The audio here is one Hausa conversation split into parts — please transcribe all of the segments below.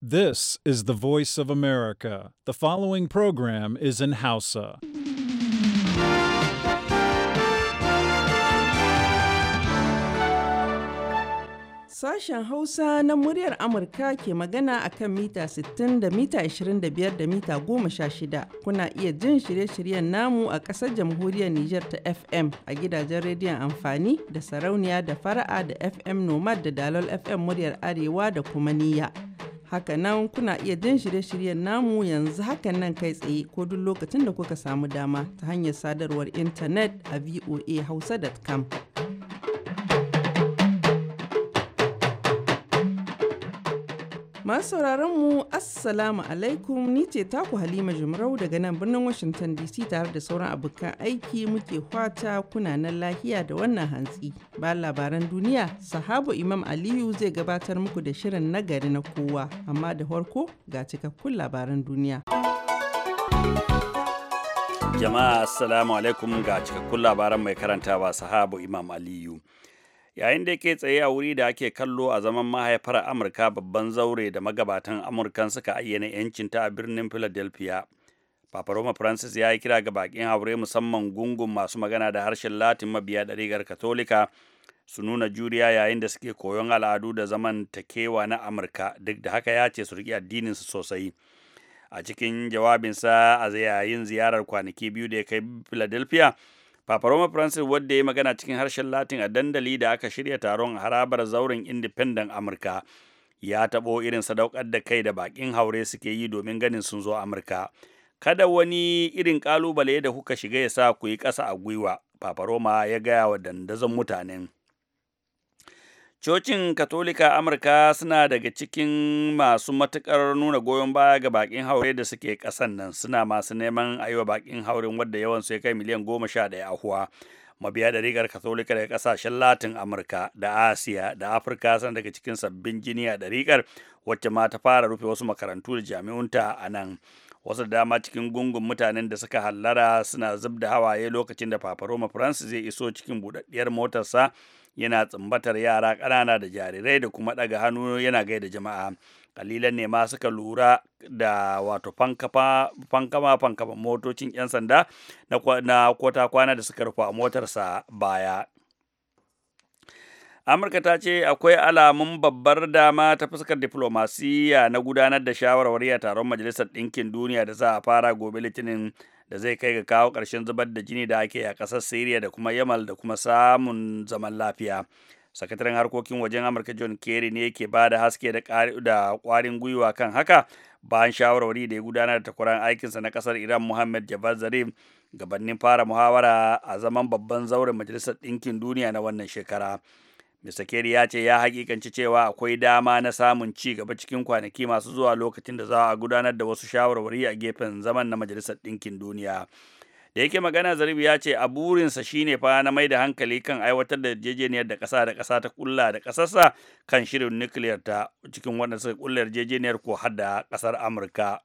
This is the voice of America. The following program is in Hausa. Sashen Hausa na muryar Amurka ke magana a kan mita 60 da mita 25 da mita 16. Kuna iya jin shirye-shiryen namu a ƙasar jamhuriyar Nijar ta FM a gidajen rediyon amfani da sarauniya da fara'a da FM Nomad da Dalol FM muryar Arewa da kuma niyya. Hakanan kuna iya jin shirye-shiryen namu yanzu hakan nan kai tsaye ko duk lokacin da kuka samu dama ta hanyar sadarwar intanet a voahausa.com. Masu sauraron mu Assalamu alaikum ni ce taku Halima Jumrau daga nan birnin Washington DC tare da sauran abokan aiki muke kwata kuna nan lahiya da wannan hantsi. Ba labaran duniya, sahabu Imam Aliyu zai gabatar muku da shirin nagari na kowa, amma da farko ga cikakkun labaran duniya. Jama'a Assalamu alaikum ga cikakkun labaran mai karantawa sahabu Imam Aliyu. yayin da yake tsaye a wuri da ake kallo a zaman mahaifar amurka babban zaure da magabatan amurka suka ayyana yancinta a birnin philadelphia papa roma francis ya yi kira ga bakin haure musamman gungun masu magana da harshen latin mabiya ɗarigar katolika su nuna juriya yayin da suke koyon al'adu da zamantakewa na amurka duk da haka ya ce su riƙe su sosai a cikin jawabinsa a yayin ziyarar kwanaki biyu da ya kai philadelphia Paparoma Francis wadda ya magana cikin harshen Latin a dandali da aka shirya taron harabar zauren Independent Amurka ya taɓo irin sadaukar da kai da baƙin haure suke yi domin ganin sun zo Amurka. Kada wani irin ƙalubale da kuka shiga ya sa ku yi ƙasa a gwiwa, Paparoma ya gaya wa dandazon mutanen. Cocin Katolika Amurka suna daga cikin masu matuƙar nuna goyon baya ga bakin haure da suke ƙasan nan suna masu neman a yi wa bakin haurin wadda yawan su ya kai miliyan goma sha a ahuwa. Mabiya da rigar Katolika daga ƙasashen Latin Amurka da Asiya da Afirka suna daga cikin sabbin jini a ɗariƙar wacce ma ta fara rufe wasu makarantu da jami'unta a nan. wasu da dama cikin gungun mutanen da suka hallara suna zub da hawaye lokacin da Papa Roma Francis zai iso cikin buɗaɗɗiyar motarsa yana tsambatar yara ƙanana da jarirai da kuma ɗaga hannu yana gaida jama'a kalilan ne ma suka lura da wato fankama fankama motocin 'yan sanda na kota kwana da suka rufa motarsa baya amurka ta ce akwai alamun babbar dama ta fuskar diflomasiyya na gudanar da shawarwari a taron majalisar ɗinkin duniya da za a fara gobe litinin da zai kai ga kawo ƙarshen zubar da jini da ake a ƙasar Siriya da kuma Yamal da kuma samun zaman lafiya. Sakataren harkokin wajen Amurka John Kerry ne yake ba da haske da ƙwarin gwiwa kan haka bayan shawarwari da ya gudanar da takwaran aikinsa na ƙasar Iran Muhammad Javad Zarif gabanin fara muhawara a zaman babban zauren Majalisar Ɗinkin Duniya na wannan shekara. Mr. Kerry ya ce ya hakikanci cewa akwai dama na samun ci gaba cikin kwanaki masu zuwa lokacin da za a gudanar da wasu shawarwari a gefen zaman na Majalisar Ɗinkin Duniya. Da yake magana Zarbi ya ce a burinsa shine fa na mai da hankali kan aiwatar da yarjejeniyar da ƙasa da ƙasa ta kulla da ƙasarsa kan shirin nukiliyar ta cikin waɗanda suka kulla yarjejeniyar ko har da ƙasar Amurka.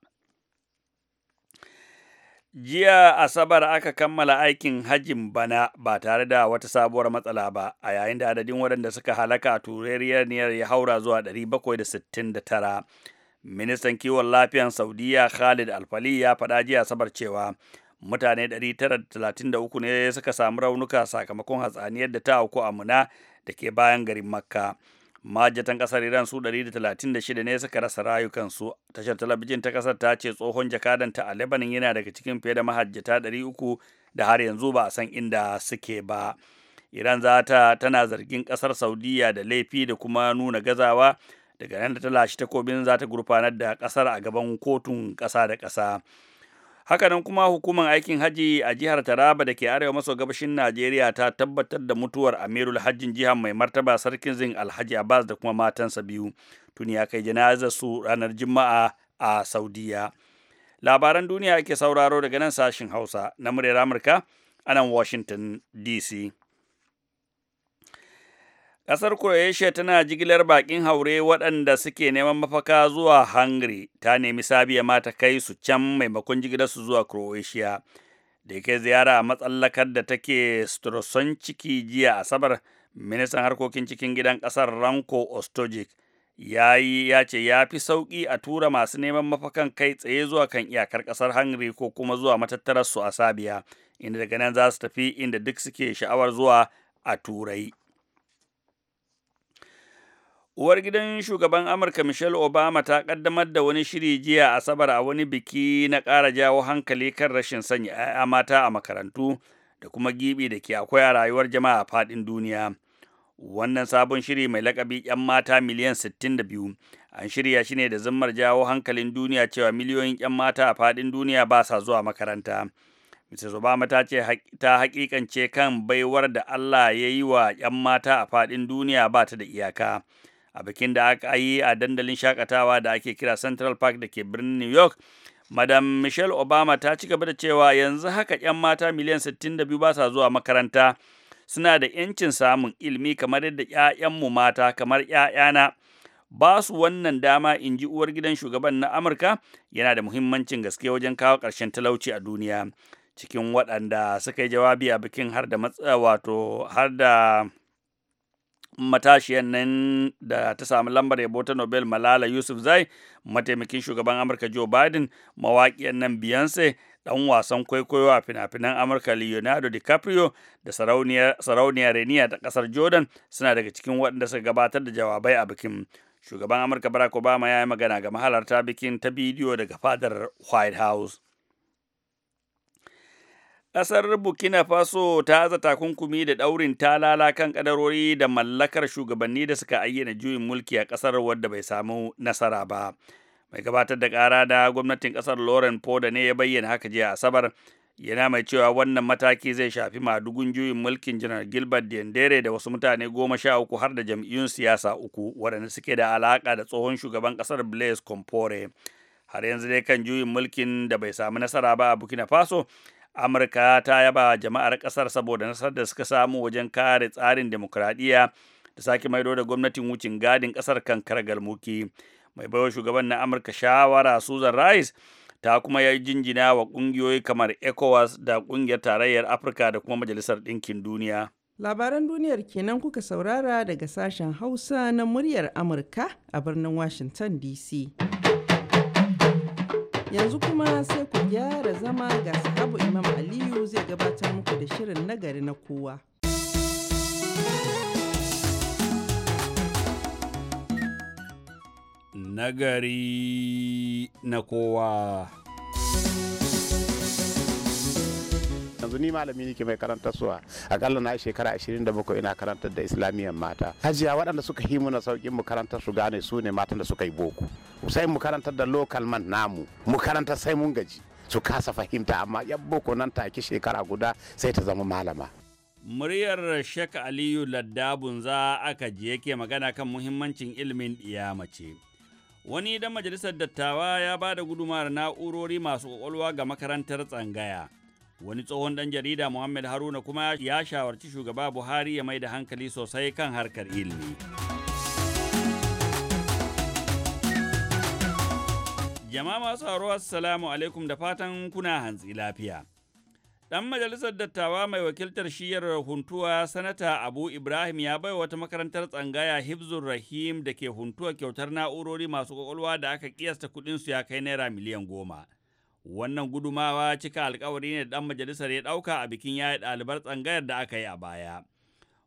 Jiya Asabar aka kammala aikin hajjin bana ba tare da wata sabuwar matsala ba, a yayin da adadin waɗanda suka halaka a tureriyar niyar ya haura zuwa 769. Ministan kiwon lafiyan Saudiya Khalid Alfali ya faɗa jiya Asabar cewa mutane 933 ne suka samu raunuka sakamakon hatsaniyar da ta auku a Muna da ke bayan garin Makka. majatan kasar iran su 136 ne suka rasa rayukansu tashar talabijin ta kasar ta ce tsohon jakadanta a lebanon yana daga cikin fiye da mahajjata 300 da har yanzu ba a san inda suke ba iran za ta tana zargin kasar saudiya da laifi da kuma nuna gazawa daga nan da ta lashe takobin za ta gurfanar da kasar a gaban kotun kasa da kasa hakanan kuma hukumar aikin hajji a jihar taraba da ke arewa maso gabashin najeriya ta tabbatar da mutuwar amirul hajjin jihar mai martaba sarkin zin alhaji abbas da kuma matansa biyu tuni ya kai janazar su ranar juma'a a saudiya labaran duniya ake sauraro daga nan sashin hausa na muryar amurka anan nan washington dc Ƙasar Croatia tana jigilar baƙin haure waɗanda suke neman mafaka zuwa Hungary, ta nemi Sabiya ma ta kai su can maimakon jigilarsu zuwa Croatia. Da yake ziyara a matsalAkar da take Strasson ciki jiya Asabar, ministan harkokin cikin gidan ƙasar Ranko Ostojic ya yi ya ce ya fi sauƙi a tura masu neman mafakan kai tsaye zuwa kan iyakar ƙasar Hungary ko kuma zuwa matattararsu a Sabiya, inda daga nan za su tafi inda duk suke sha'awar zuwa a Turai. Uwar gidan shugaban Amurka Michelle Obama ta ƙaddamar da wani shiri jiya Asabar a wani biki na ƙara jawo hankali kan rashin sanya 'ya'ya mata a makarantu da kuma gibi da ke akwai a rayuwar jama'a a faɗin duniya. Wannan sabon shiri mai lakabi 'yan mata miliyan 62 an shirya shi ne da zammar jawo hankalin duniya cewa miliyoyin 'yan mata a faɗin duniya ba sa zuwa makaranta. Mrs. Obama ta ce ta haƙiƙance kan baiwar da Allah ya yi wa 'yan mata a faɗin duniya ba ta da iyaka. a bikin da aka yi a dandalin shakatawa da ake kira central park da ke birnin new york madam michelle obama ta ci gaba da cewa yanzu haka 'yan mata miliyan 62 ba sa zuwa makaranta suna da 'yancin samun ilimi kamar yadda 'ya'yanmu mata kamar 'ya'yana ba su wannan dama in ji uwar gidan shugaban na amurka yana da muhimmancin gaske wajen kawo ƙarshen talauci a duniya cikin waɗanda suka yi jawabi a bikin har da wato har da matashiyan nan da ta samu lambar yabo ta Nobel Malala Yusuf Zai, mataimakin shugaban Amurka Joe Biden, mawaƙiyan nan Beyonce, ɗan wasan kwaikwayo a fina-finan Amurka Leonardo DiCaprio da sarauniya Reniya ta ƙasar Jordan suna daga cikin waɗanda suka gabatar da jawabai a bikin. Shugaban Amurka Barack Obama ya yi magana ga mahalarta bikin ta bidiyo daga fadar White House. Ƙasar Burkina Faso ta haza takunkumi da ɗaurin talala kan ƙadarori da mallakar shugabanni da suka ayyana juyin mulki a ƙasar wadda bai samu nasara ba. Mai gabatar da ƙara da gwamnatin ƙasar Lauren Poda ne ya bayyana haka jiya Asabar. Yana mai cewa wannan mataki zai shafi madugun juyin mulkin Janar Gilbert Diendere da wasu mutane goma sha uku har da jam'iyyun siyasa uku waɗanda suke da alaƙa da tsohon shugaban ƙasar Blaise Compaore. Har yanzu dai kan juyin mulkin da bai samu nasara ba a Burkina Faso amurka ta yaba jama'ar ƙasar saboda nasar da suka samu wajen kare tsarin demokuraɗiyya da sake maido da gwamnatin wucin gadin ƙasar kan karagar muki mai baiwa shugaban na amurka shawara susan rice ta kuma ya jinjina wa ƙungiyoyi kamar ecowas da ƙungiyar tarayyar afirka da kuma majalisar ɗinkin duniya labaran duniyar kenan kuka saurara daga sashen hausa na muryar amurka a birnin washington dc Yanzu kuma sai ku gyara zama ga sahabu Imam Aliyu zai gabatar muku da shirin nagari na kowa. Nagari na kowa. yanzu ni malami nake mai karantar suwa akalla na shekara 27 ina karantar da islamiyan mata hajiya waɗanda suka himu na saukin mu karantar su gane su ne matan da suka yi boko sai mu karantar da local man namu mu karantar sai mun gaji su kasa fahimta amma yan boko nan take shekara guda sai ta zama malama muryar shek Aliyu Laddabun za aka ji yake magana kan muhimmancin ilimin ɗiya mace. Wani dan majalisar dattawa ya ba da gudumar na'urori masu kwakwalwa ga makarantar tsangaya. wani tsohon dan jarida muhammad haruna kuma ya shawarci shugaba buhari ya mai da hankali sosai kan harkar ilimi jama'a masu haro assalamu alaikum da fatan kuna hantsi lafiya Ɗan majalisar dattawa mai wakiltar shiyar Huntuwa, Sanata Abu Ibrahim ya bai wata makarantar tsangaya Hibzur Rahim da ke Huntuwa kyautar na'urori masu kwakwalwa da aka kiyasta su ya kai naira miliyan goma. Wannan gudumawa cika alkawari ne da dan majalisar ya ɗauka a bikin yaya dalibar tsangayar da aka yi a baya.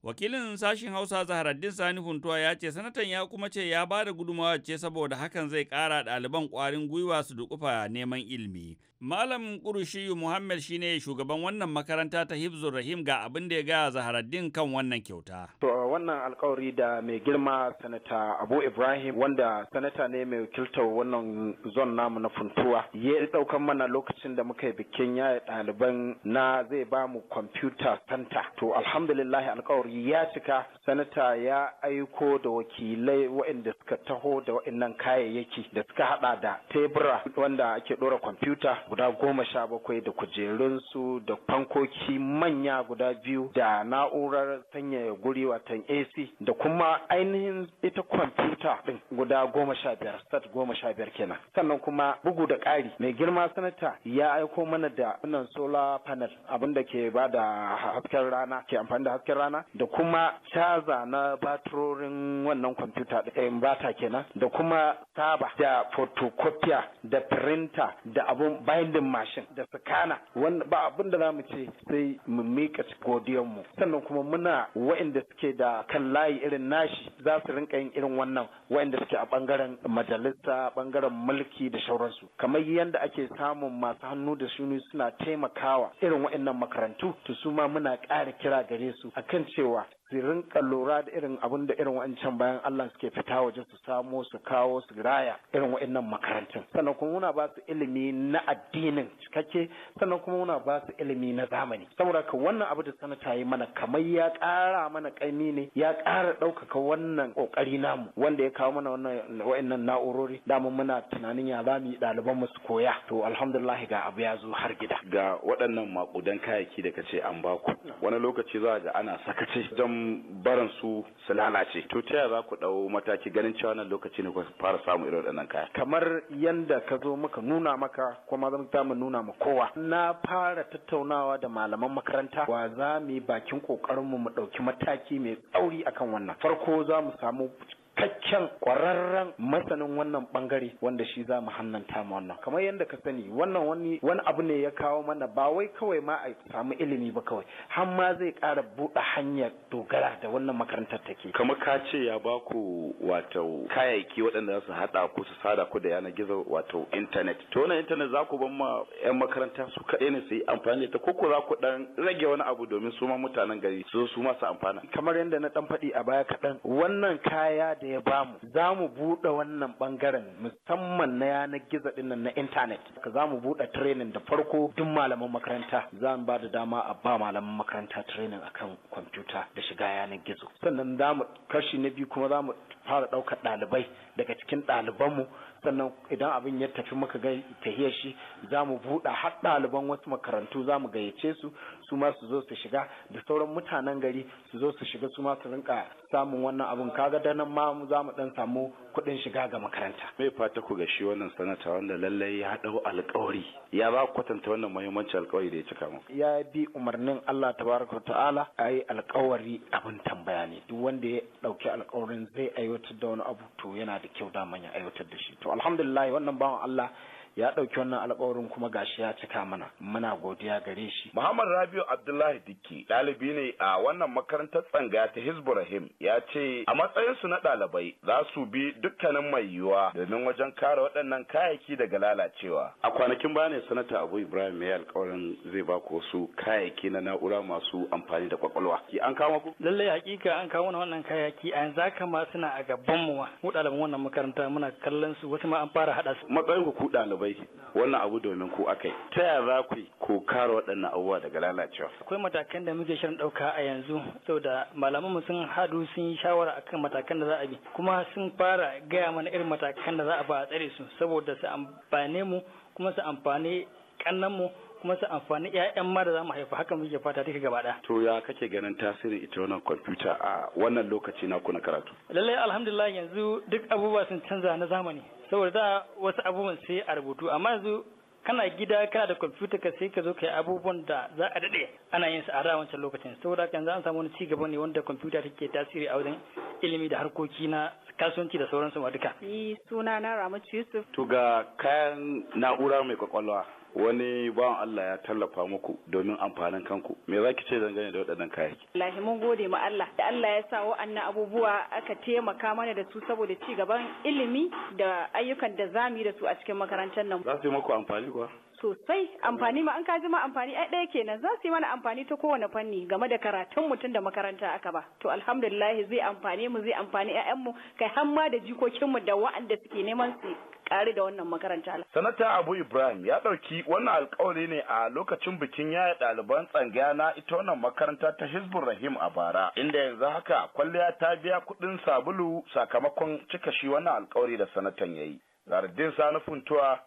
Wakilin sashen Hausa Zaharaddin Sani Huntuwa ya ce sanatan ya kuma ce ya ba da gudumawa ce saboda hakan zai kara ɗaliban ƙwarin gwiwa su dukufa neman ilimi. Malam Ƙurushi Muhammad ne shugaban wannan makaranta ta Hibzur Rahim ga abin da ya ga Zaharaddin kan wannan kyauta. To wannan alkawari da mai girma sanata Abu Ibrahim wanda sanata ne mai wakiltar wannan zon namu na funtuwa ya ɗaukan mana lokacin da muka yi bikin yaye ɗaliban na zai ba mu kwamfuta santa. To alhamdulillah alkawari ya cika sanata ya aiko da wakilai waɗanda suka taho da waɗannan kayayyaki da suka haɗa da tebura wanda ake ɗora kwamfuta guda goma sha bakwai da kujerun su da fankoki manya guda biyu da na'urar sanyaya guri watan AC da kuma ainihin ita kwamfuta ɗin guda goma sha biyar sat goma sha biyar kenan sannan kuma bugu da ƙari mai girma sanata ya aiko mana da wannan solar panel abin da ke ba da hasken rana ke amfani da hasken rana da kuma caza na baturorin wannan kwamfuta ɗin bata kenan da kuma saba da photocopier da printer da abun handling mashin da sakana wanda ba abin da zamu ce sai mu mika godiyar mu sannan kuma muna waɗanda suke da kan layi irin nashi za su rinka yin irin wannan waɗanda suke a bangaren majalisa bangaren mulki da sauransu kamar yadda ake samun masu hannu da shuni suna taimakawa irin waɗannan makarantu to su ma muna ƙara kira gare su akan cewa su rinka lura da irin abin da irin wa'ancan bayan Allah suke fita waje su samo su kawo su raya irin wa'annan makarantun sannan kuma muna ba su ilimi na addinin cikakke sannan kuma muna ba su ilimi na zamani saboda ka wannan abu da sanata yi mana kamar ya ƙara mana ƙaimi ne ya ƙara ɗaukaka wannan ƙoƙari namu wanda ya kawo mana wannan wa'annan na'urori dama muna tunanin ya zamu yi ɗaliban mu su koya to alhamdulillah ga abu ya zo har gida ga waɗannan maƙudan kayayyaki da kace an baku wani lokaci za ga ana sakace don barin su su lalace to ta za ku dau mataki ganin cewa nan lokaci ne ku fara samu irin waɗannan kaya kamar yadda ka zo muka nuna maka kuma zan ta mu nuna ma kowa na fara tattaunawa da malaman makaranta wa za mu yi bakin kokarin mu mu dauki mataki mai tsauri akan wannan farko za mu samu cikakken kwararren masanin wannan bangare wanda shi za mu hannanta mu wannan kamar yadda ka sani wannan wani wani abu ne ya kawo mana ba wai kawai ma a samu ilimi ba kawai har ma zai ƙara buɗe hanyar dogara da wannan makarantar take kamar ka ce ya ba ku wato kayayyaki waɗanda za su haɗa ku su sada ku da yanar gizo wato internet to wannan internet za ku ban ma 'yan makaranta su kaɗai ne su yi amfani da ta ko za ku dan rage wani abu domin su ma mutanen gari su su ma su amfana kamar yadda na dan faɗi a baya kaɗan wannan kaya da da ya bamu za mu buɗe wannan bangaren musamman na yanar gizo dinnan na intanet ka za mu buɗe training da farko duk malaman makaranta za mu ba da dama a ba malaman makaranta training akan kwamfuta da shiga yanar gizo sannan za mu kashi na biyu kuma za mu fara ɗaukar ɗalibai daga cikin ɗalibanmu sannan idan abin ya tafi muka gai tahiyar shi za mu buɗe har ɗaliban wasu makarantu za mu gayyace su su ma su zo su shiga da sauran mutanen gari su zo su shiga su ma su rinka samun wannan abun kaga da nan ma za mu dan samu kuɗin shiga ga makaranta me fata ku ga shi wannan sanata wanda lallai ya dau alƙawari ya ba kwatanta wannan muhimmancin alƙawari da ya cika mu. ya bi umarnin Allah tabaraka ta'ala yi alƙawari abin tambaya ne duk wanda ya ɗauki alƙawarin zai aiwatar da wani abu to yana da kyau da ya aiwatar da shi to alhamdulillah wannan bawan Allah ya ɗauki wannan alƙawarin kuma gashi ya cika mana muna godiya gare shi Muhammad Rabiu Abdullahi Dikki ɗalibi ne a wannan makarantar tsanga ta Hizburahim ya ce a matsayinsu na ɗalibai za su bi dukkanin mai yiwuwa domin wajen kare waɗannan kayayyaki daga lalacewa a kwanakin baya ne sanata Abu Ibrahim ya alƙawarin zai ba ku wasu kayayyaki na na'ura masu amfani da kwakwalwa an kawo ku lallai hakika an kawo wannan kayayyaki a yanzu haka ma suna a gaban mu mu ɗaliban wannan makaranta muna kallon su wasu ma an fara haɗa su matsayin ku ɗalibai bai wannan abu domin ku akai ta yaya za ku ku kare waɗannan abubuwa daga lalacewa akwai matakan da muke shirin ɗauka a yanzu saboda malaman mu sun hadu sun yi shawara akan matakan da za a bi kuma sun fara gaya mana irin matakan da za a ba tsare su saboda su amfane mu kuma su amfane kannan mu kuma su amfani ƴaƴan ma da za mu haifa haka muke fata take gaba ɗaya. To ya kake ganin tasirin ita wannan kwamfuta a wannan lokaci na kuna karatu? Lallai alhamdulillah yanzu duk abubuwa sun canza na zamani saboda da wasu abubuwan sai a rubutu amma yanzu kana gida kana da kwamfuta ka sai ka zo ka yi abubuwan da za a daɗe ana yin su a da lokacin saboda haka yanzu an samu wani cigaba ne wanda kwamfuta take tasiri a wajen ilimi da harkoki na kasuwanci da sauransu ma duka. Ni eh, suna na Ramatu Yusuf. To ga kayan na'ura mai kwakwalwa wani bawan Allah ya tallafa muku domin amfanin kanku me za ki ce dangane da waɗannan kayayyaki Allah mun gode ma Allah da Allah ya sa wa'annan abubuwa aka taimaka mana da su saboda ci gaban ilimi da ayyukan da zamu yi da su a cikin makarantar nan za su yi muku amfani kuwa sosai amfani ma an ka ji ma amfani ai ɗaya kenan za su yi mana amfani ta kowane fanni game da karatun mutum da makaranta aka ba to alhamdulillah zai amfane mu zai amfani ƴaƴanmu kai har ma da jikokinmu da wa'anda suke neman su kare da wannan makaranta. Sanata Abu Ibrahim ya ɗauki wannan alkawari ne a lokacin bikin yaya ɗaliban tsangaya na ita wannan makaranta ta Hizbun Rahim a bara, inda yanzu haka kwalliya ta biya kuɗin sabulu sakamakon cika shi wannan alkawari da sanatan ya yi. Zardin Sani Funtuwa,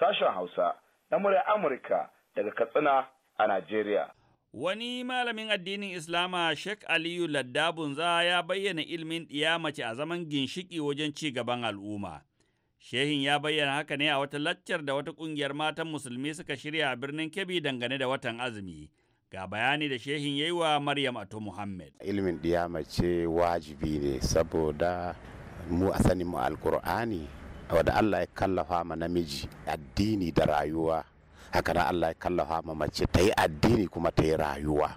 sashen Hausa, na murya Amurka daga Katsina a Najeriya. Wani malamin addinin Islama Sheikh Aliyu Laddabunza ya bayyana ilimin ɗiya mace a zaman ginshiki wajen ci gaban al'umma. Shehin ya bayyana haka ne a wata laccar da wata ƙungiyar matan musulmi suka shirya a birnin Kebbi dangane da watan azumi. Ga bayani da shehin ya yi wa Maryam Ato Muhammad. Ilimin ce wajibi ne saboda mu a sani mu alkur'ani wadda Allah ya kallafa ma namiji addini da rayuwa haka na Allah ya kallafa ma mace ta yi addini kuma ta yi rayuwa.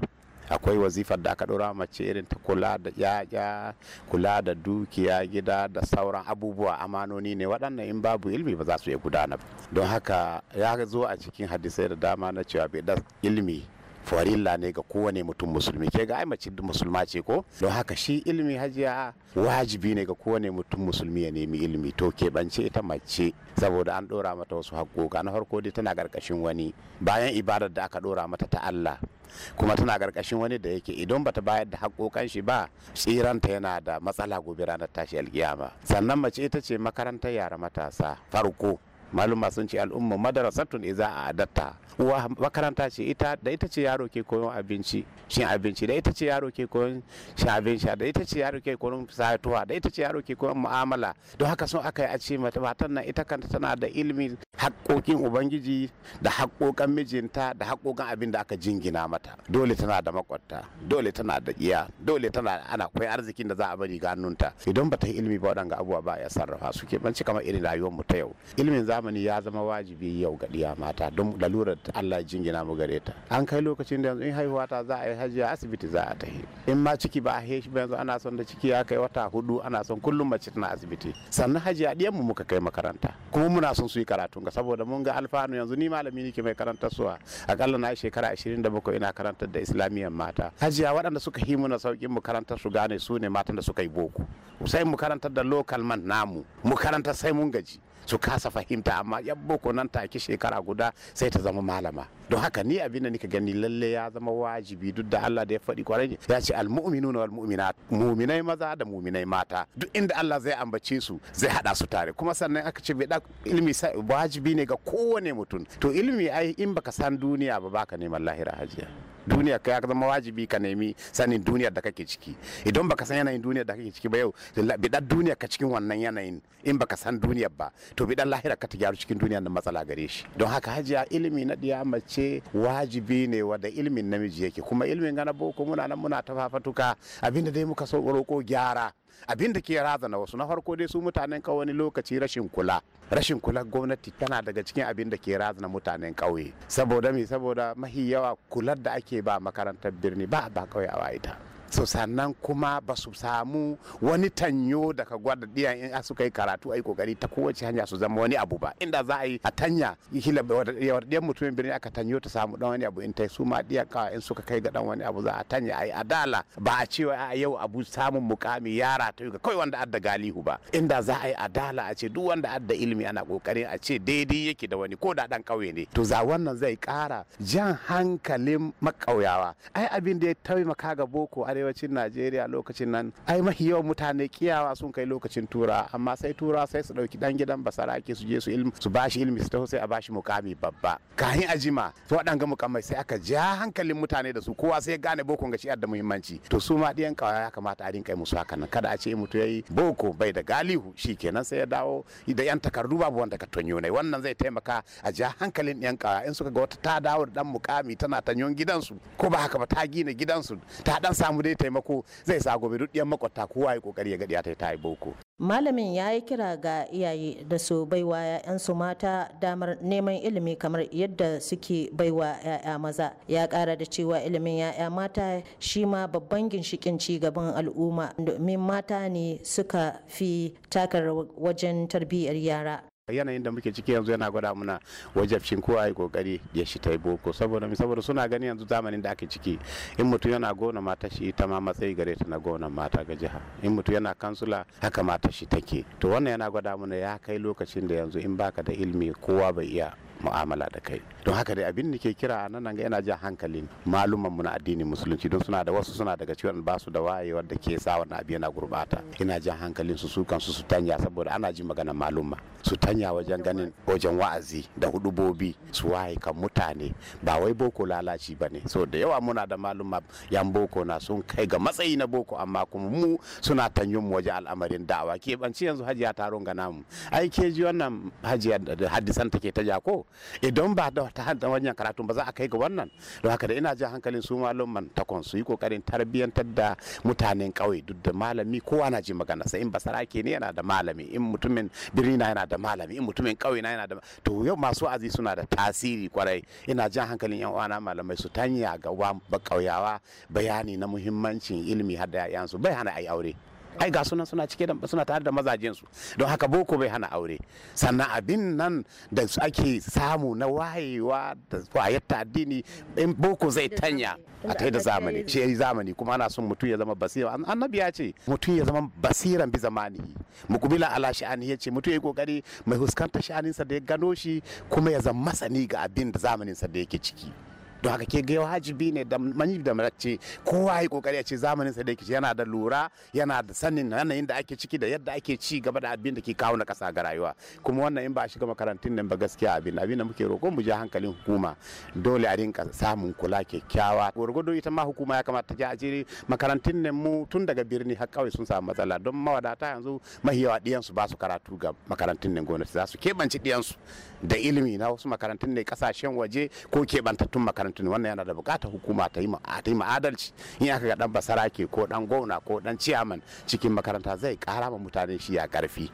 akwai wazifar da aka dora mace irin ta kula da yaya kula da dukiya gida da sauran abubuwa amanoni ne waɗannan in babu ilmi ba za su iya gudana don haka ya zo a cikin hadisai da dama na cewa bai ilmi farilla ne ga kowane mutum musulmi ke ga aimacin mace musulma ce ko don haka shi ilimi hajiya wajibi ne ga kowane mutum musulmi ya nemi ilimi to bance ita mace saboda an ɗora mata wasu haƙoƙa na farko dai tana karkashin wani bayan ibadar da aka dora mata ta Allah kuma tana karkashin wani da yake idan bata bayar da haƙoƙan shi ba tsiranta yana da matsala gobe ranar tashi alkiyama sannan mace ita ce makarantar yara matasa farko malum sun ce al'umma madarasatun iza a adatta uwa makaranta ce ita da ita ce yaro ke koyon abinci shin abinci da ita ce yaro ke koyon sha abinci sha da ita ce yaro ke koyon satuwa da ita ce yaro ke koyon mu'amala don haka sun aka yi a ce mata matan nan ita kanta tana da ilimi haƙƙoƙin ubangiji da haƙƙoƙan mijinta da haƙƙoƙan abin da aka jingina mata dole tana da makwarta dole tana da iya dole tana ana akwai arzikin da za a bari ga hannunta idan bata yi ilimi ba waɗanga abubuwa ba ya sarrafa su ke kamar irin rayuwar mu ta yau ilimin za zamani ya zama wajibi yau ga ɗiya mata don lalurar Allah jingina mu gare ta an kai lokacin da yanzu in haihuwa ta za a yi hajiya asibiti za a tafi in ma ciki ba a haihe ba yanzu ana son da ciki ya kai wata hudu ana son kullum mace tana asibiti sannan hajiya ɗiyan mu muka kai makaranta kuma muna son su yi karatun ga saboda mun ga alfanu yanzu ni malami nake mai karantar suwa akalla na shekara 27 ina karantar da islamiyan mata hajiya waɗanda suka himu na saukin mu karantar su gane su ne matan da suka yi boko sai mu karantar da local man namu mu karanta sai mun gaji su kasa fahimta amma yan boko nan take shekara guda sai ta zama malama don haka ni abin da nika gani lalle ya zama wajibi duk da Allah da ya faɗi kwarai ya ce almuminu wal mu'minat mu'minai maza da mu'minai mata duk inda Allah zai ambace su zai hada su tare kuma sannan aka ce bida ilimi wajibi ne ga kowane mutum to ilimi ai in baka san duniya ba baka neman lahira hajiya duniya ka ya zama wajibi ka nemi sanin duniyar da kake ciki idan baka san yanayin duniyar da kake ciki ba yau bidan duniyar ka cikin wannan yanayin in baka san duniyar ba to bidan lahira ka ta gyaru cikin duniyar da matsala gare shi don haka hajiya ilimi na diya mace wajibi ne wanda ilimin namiji yake kuma ilimin gana boko muna nan muna ta fafatuka abinda dai muka so roko gyara abin da ke razana wasu na farko dai su mutanen ka wani lokaci rashin kula rashin kula gwamnati tana daga cikin abin da ke razana mutanen ƙauye saboda me saboda mahi yawa kular da ake ba makarantar birni ba ba ƙauye a ita so sannan kuma ba su samu wani tanyo daga gwada diyan in suka yi karatu a yi kokari ta kowace hanya su zama wani abu ba inda za a yi a tanya hila yawardiyan mutumin birni aka tanyo ta samu dan wani abu in ta su ma diyan kawa in suka kai ga dan wani abu za a tanya a yi adala ba a cewa a yau abu samun mukami yara ta yi kawai wanda adda galihu ba inda za a yi adala a ce duk wanda adda ilimi ana kokarin a ce daidai yake da wani ko da dan kauye ne to za wannan zai kara jan hankalin makauyawa ai abin da ya taimaka ga boko a arewacin najeriya lokacin nan ai mafi yawan mutane kiyawa sun kai lokacin tura amma sai tura sai su dauki dan gidan basarake su je su ilmi su bashi ilmi su taho sai a bashi mukami babba kahin ajima to aɗanga mukamai sai aka ja hankalin mutane da su kowa sai gane boko ga gashi da muhimmanci to su ma diyan kawa ya kamata a rinka musu haka nan kada a ce mutu yayi boko bai da galihu shikenan sai ya dawo da yan takardu babu wanda ka tonyo ne wannan zai taimaka a ja hankalin yan kawa in suka ga wata ta dawo da dan mukami tana tanyon gidansu ko ba haka ba ta gina gidansu ta dan samu dai taimako zai sa gobe duk ɗiyan makwata kowa ya kokari ya ga ya ta yi boko malamin ya yi kira ga iyaye da su baiwa 'ya'yansu mata damar neman ilimi kamar yadda suke baiwa 'ya'ya maza ya kara da cewa ilimin 'ya'ya mata shi ma babban ginshikin ci gaban al'umma domin mata ne suka fi taka wajen tarbiyyar yara yanayin da muke ciki yanzu yana gwada muna wajabcin kowa ya kokari ya shi ta boko saboda mi saboda suna gani yanzu zamanin da ake ciki in mutum yana gona mata shi ita ma matsayi gare ta na gona mata ga jiha in mutum yana kansula haka mata shi take to wannan yana gwada muna ya kai lokacin da yanzu in baka da ilimi kowa bai iya mu'amala da kai don haka dai abin da ke kira nan ga yana jan hankalin maluman mu na addinin musulunci don suna da wasu suna daga cikin ba su da wayewar da ke sa wannan abu yana gurbata ina jan hankalin su su kansu su tanya saboda ana ji magana maluma su tanya wajen ganin wajen wa'azi da hudubobi su waye kan mutane ba wai boko lalaci ba ne so da yawa muna da maluma yan boko na sun kai ga matsayi na boko amma kuma mu suna tanyon mu wajen al'amarin da'awa ke banci yanzu hajiya taron ga namu ai ke ji wannan hajiya hadisan take ta jako idan ba da ta hanta wannan karatun ba za a kai ga wannan don haka da ina jin hankalin su malaman takon su yi kokarin tarbiyyantar da mutanen ƙauye duk da malami kowa na ji magana sai in basara ke ne yana da malami in mutumin birni yana da malami in mutumin ƙauye na yana da to yau masu azi suna da tasiri kwarai ina jin hankalin yan uwana malamai su tanya ga wa ba ƙauyawa bayani na muhimmancin ilimi har da 'ya'yansu bai hana ai aure ai ga sunan suna cike suna tare da mazajen su don haka boko bai hana aure sannan abin nan da ake samu na wayewa da wayar addini in boko zai tanya a ta da zamani ce zamani kuma ana son mutum ya zama basira annabi ya ce mutum ya zama basiran bi zamani mukubila ala sha'ani ya ce mutum ya kokari mai huskanta sa da ya gano shi kuma ya zama masani ga abin da zamaninsa da yake ciki don haka ke ga wajibi ne da manyi da mace kowa ya kokari a ce zamanin sa da yake yana da lura yana da sanin yanayin da ake ciki da yadda ake ci gaba da abin da ke kawo na kasa ga rayuwa kuma wannan in ba shiga makarantun nan ba gaskiya abin abin da muke roƙon mu ji hankalin hukuma dole a rinka samun kula kyakkyawa gwargwado ita ma hukuma ya kamata ta je makarantun nan mu tun daga birni har kawai sun samu matsala don mawadata yanzu mahiyawa diyansu ba su karatu ga makarantun nan gwamnati za su keɓance diyansu da ilimi na wasu makarantun ne kasashen waje ko keɓantattun makarantun makarantu wannan yana da bukatar hukuma ta yi adalci in aka ga dan basarake ko dan gona ko dan ciyaman cikin makaranta zai kara ma mutane shi ya karfi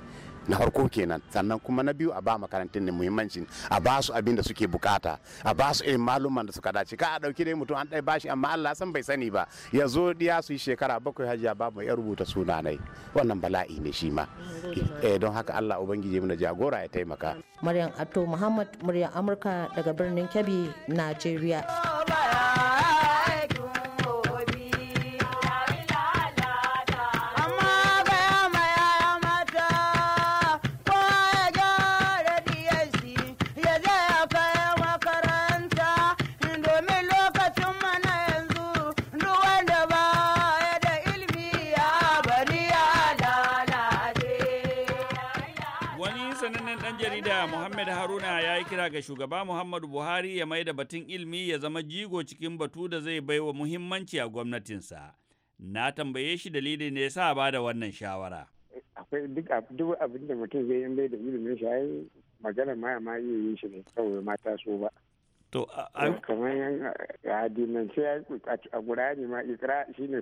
na farko kenan sannan kuma na biyu a ba makarantun ne muhimmanci a ba su abin da suke bukata a ba su irin maluman da suka dace ka a dauki dai mutum an dai bashi amma Allah san bai sani ba ya zo diya su yi shekara bakwai hajiya babu ya rubuta sunanai wannan bala'i ne shi ma eh don haka Allah ubangiji mu a jagora ya taimaka Maryam Atto Muhammad muryar Amurka daga birnin Kebbi Najeriya ɗan jarida Muhammad Haruna ya yi kira ga shugaba Muhammadu Buhari ya mai da batun ilmi ya zama jigo cikin batu da zai baiwa muhimmanci a gwamnatinsa. Na tambaye shi dalilin ne sa ba da wannan shawara. Akwai duk abin da mutum zai yi da ilimin shi magana ma ma iya yin shi ne saboda mata so ba. To kamar yan adinance a gurani ma ikra shine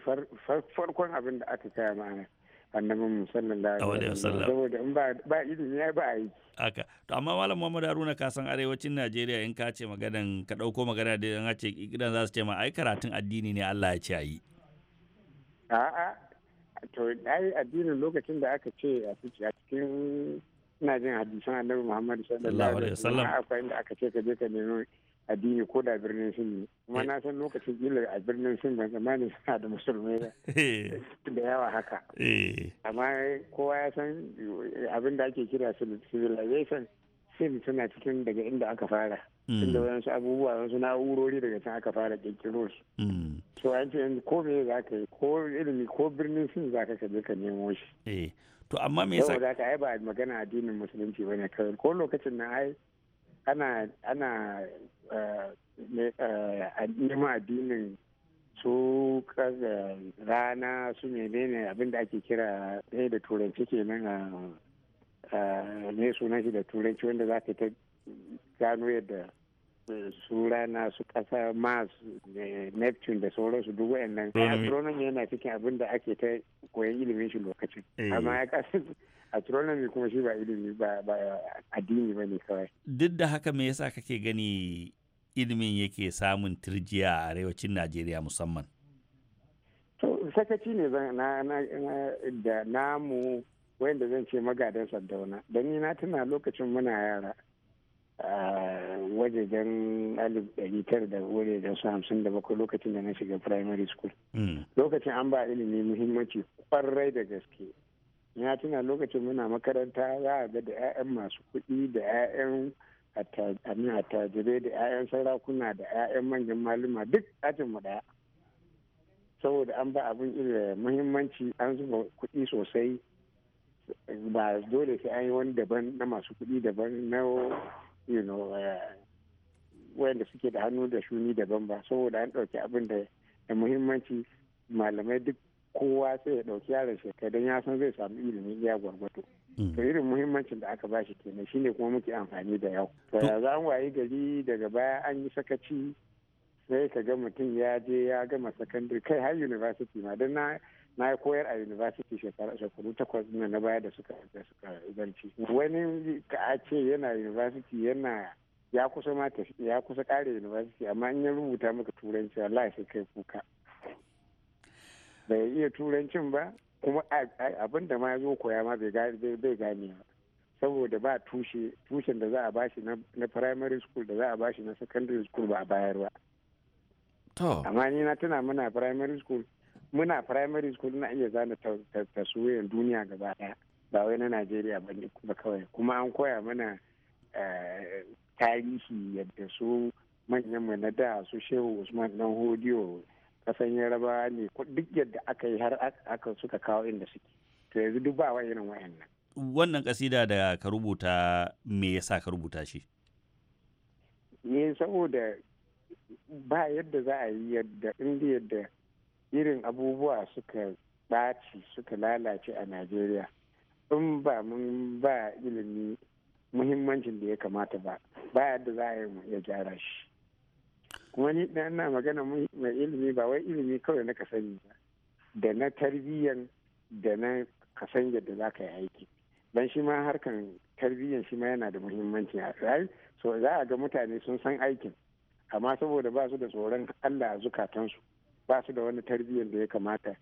farkon abin da aka kaya ma'ana. annabin sallallahu alaihi wasallam saboda in ba ba ilimi ya ba yi haka to amma malam Muhammad Haruna ka san arewacin Najeriya in ka ce maganan ka dauko magana da an ce gidan za su ce ma ai karatun addini ne Allah ya ce a a'a to yi addinin lokacin da aka ce a cikin ina jin hadisan annabi Muhammad sallallahu alaihi wasallam akwai inda aka ce ka je ka nemi addini ko da birnin sin ne kuma eh. na san lokacin kila a birnin sin ban zamanin suna da musulmai eh. da yawa haka eh. amma kowa ya san abin da ake kira civilization sin suna cikin daga inda aka fara mm. inda wayansu abubuwa wasu na'urori daga can aka fara kirkiro su mm. so an ce ko me za ka yi ko ilimi ko birnin sin za ka kaje ka nemo shi to amma me yasa ka ai ba magana addinin musulunci bane kawai ko lokacin na ai ana ana neman addinin su kaga rana su menene abin da ake kira ɗaya eh, da turanci nan a ah, ne ah, sunan shi da turanci wanda za ta gano yadda eh, su rana su ƙasa mars eh, neptune da sauransu duk wayannan mm-hmm. astronomy yana cikin abin da ake ta koyon ilimin shi lokacin amma ya astronomy kuma shi ba ilimi ba ba addini ba ne kawai duk da haka me yasa kake gani ilimin yake samun turjiya a arewacin najeriya musamman sakaci ne da namu wanda zan ce magadan sardauna don ni na tuna lokacin muna yara wajejen alif ɗari tara da wuri da su hamsin da bakwai lokacin da na shiga primary school hmm. lokacin an ba ilimi muhimmanci kwarai da gaske na tuna lokacin muna makaranta za a ga da 'ya'yan masu kuɗi da 'ya'yan attajirai da 'ya'yan sarakuna da 'ya'yan manyan maluma duk ajinmu daya saboda an ba abin irin muhimmanci an zuba kuɗi sosai ba dole sai an yi wani daban na masu kuɗi daban na wanda eh, suke da hannu da shuni daban ba saboda an ɗauki abin da muhimmanci malamai duk kowa sai ya ɗauki yaron shi don ya san zai samu ilimi ya gwargwato mm. to irin muhimmancin da aka bashi kenan shine kuma muke amfani da yau to ya za mu wayi gari daga baya an yi sakaci sai ka ga mutum ya je ya gama sakandare kai har university ma don na na koyar a university shekaru takwas na na baya da suka da zanci wani ka a ce yana university yana ya kusa ma ya kusa kare university amma in ya rubuta maka turanci wallahi sai kai kuka bai iya turancin ba kuma abin da ma zo koya ma bai gane ba saboda ba tushe tushen da za a bashi na primary school da za a bashi na secondary school ba a bayar ba amma ni na tuna muna primary school muna primary school na iya zana taswirar duniya gaba daya ba wai na najeriya ba ne kuma kawai kuma an koya mana eh, tarihi yadda su manyan mu na da su shehu usman dan hodiyo kasan yaraba ne duk yadda aka yi har aka suka kawo inda suke to yanzu duk ba irin wayannan wannan kasida da ka rubuta me yasa ka rubuta shi ne saboda ba yadda za a yi yadda inda yadda irin abubuwa suka ɓaci suka lalace a najeriya in ba mun ba ilimi muhimmancin da ya kamata ba ba yadda za a yi ya gyara shi kuma ni ina ina magana mai ilimi ba wai ilimi kawai na kasani ba da na tarbiyyan da na kasan yadda za ka yi aiki dan shi ma harkan tarbiyyan shi ma yana da muhimmanci right so za a ga mutane sun san aikin amma saboda ba su da tsoron Allah a zukatansu ba su da wani tarbiyyan da ya kamata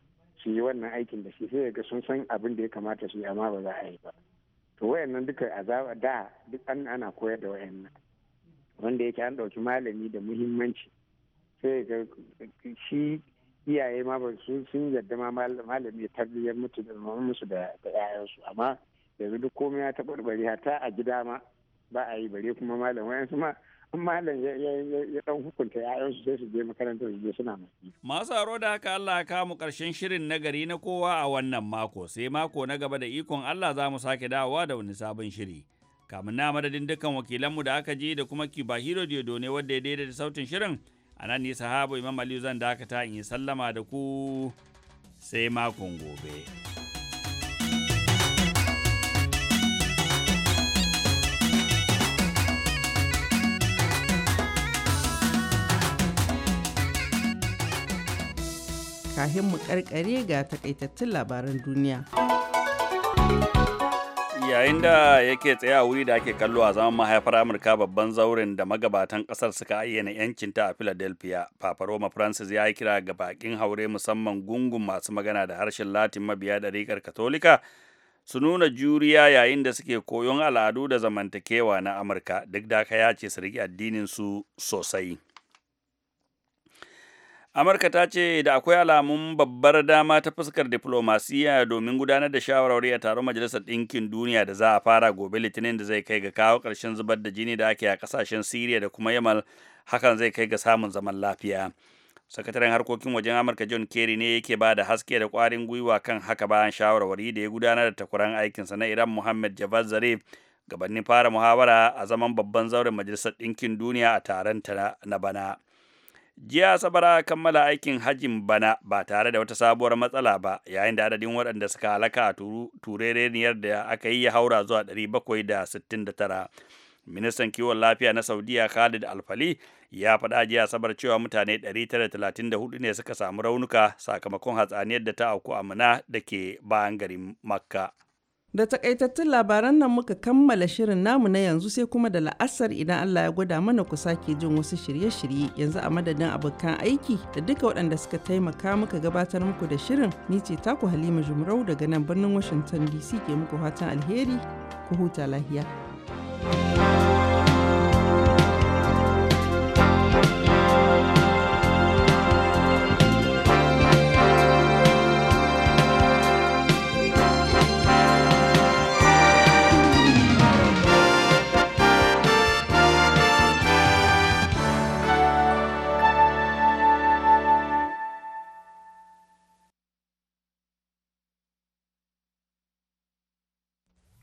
su yi wannan aikin da shi sai ga sun san abin da ya kamata su yi amma ba za a yi ba to wayannan duka a da duk an ana koyar da wayannan wanda yake an ɗauki malami da muhimmanci sai ga shi iyaye ma ba su sun yarda ma malami ya tarbiyyar mutu da musu da ƴaƴansu amma yanzu duk komai ya taɓarɓare hata a gida ma ba a yi bare kuma malam wayansu ma malam ya ɗan hukunta ‘ya'yansu sai su je makarantar su je suna maki. Masu haro da haka Allah ya kamu ƙarshen shirin na gari na kowa a wannan mako sai mako na gaba da ikon Allah za mu sake dawowa da wani sabon shiri. kamun na madadin dukkan wakilanmu da aka je da kuma hero diodo ne wadda ya daidaita sautin shirin a nan ne sahabo imam aliyu zan dakata in yi sallama da ku sai makon gobe. kahin mu karkare ga takaitattun labaran duniya. yayin da yake tsaye a wuri da ake kallo a zaman mahaifar amurka babban zauren da magabatan kasar suka ayyana ta a philadelphia papa roma francis ya yi kira ga bakin haure musamman gungun masu magana da harshen latin mabiya ɗariƙar katolika su nuna juriya yayin da suke koyon al'adu da zamantakewa na amurka duk da ya ce su riƙe addinin su sosai Amurka ta ce da akwai alamun babbar dama ta fuskar diflomasiyya domin gudanar da shawarwari a taron Majalisar Ɗinkin Duniya da za a fara gobe Litinin da zai kai ga kawo ƙarshen zubar da jini da ake a ƙasashen Siriya da kuma Yamal hakan zai kai ga samun zaman lafiya. Sakataren harkokin wajen Amurka John Kerry ne yake ba da haske da ƙwarin gwiwa kan haka bayan shawarwari da ya gudanar da takwaran aikinsa na Iran Muhammad Javad Zarif gabanin fara muhawara a zaman babban zauren Majalisar Ɗinkin Duniya a taron ta na bana. jiya sabara kammala aikin hajjin bana ba tare da wata sabuwar matsala ba yayin da adadin waɗanda suka halaka a turereniyar da aka yi ya haura zuwa 769 ministan kiwon lafiya na saudiya khalid alfali ya faɗa jiya sabar cewa mutane 934 ne suka samu raunuka sakamakon hatsaniyar da ta auku a mana da ke bayan garin makka Da takaitattun labaran nan muka kammala shirin namu na yanzu sai kuma da la'asar idan Allah ya gwada mana ku sake jin wasu shirye-shirye yanzu a madadin abokan aiki da duka waɗanda suka taimaka muka gabatar muku da shirin ni ce taku Halima Jumrau daga nan birnin Washington DC ke muku fatan alheri ku huta lafiya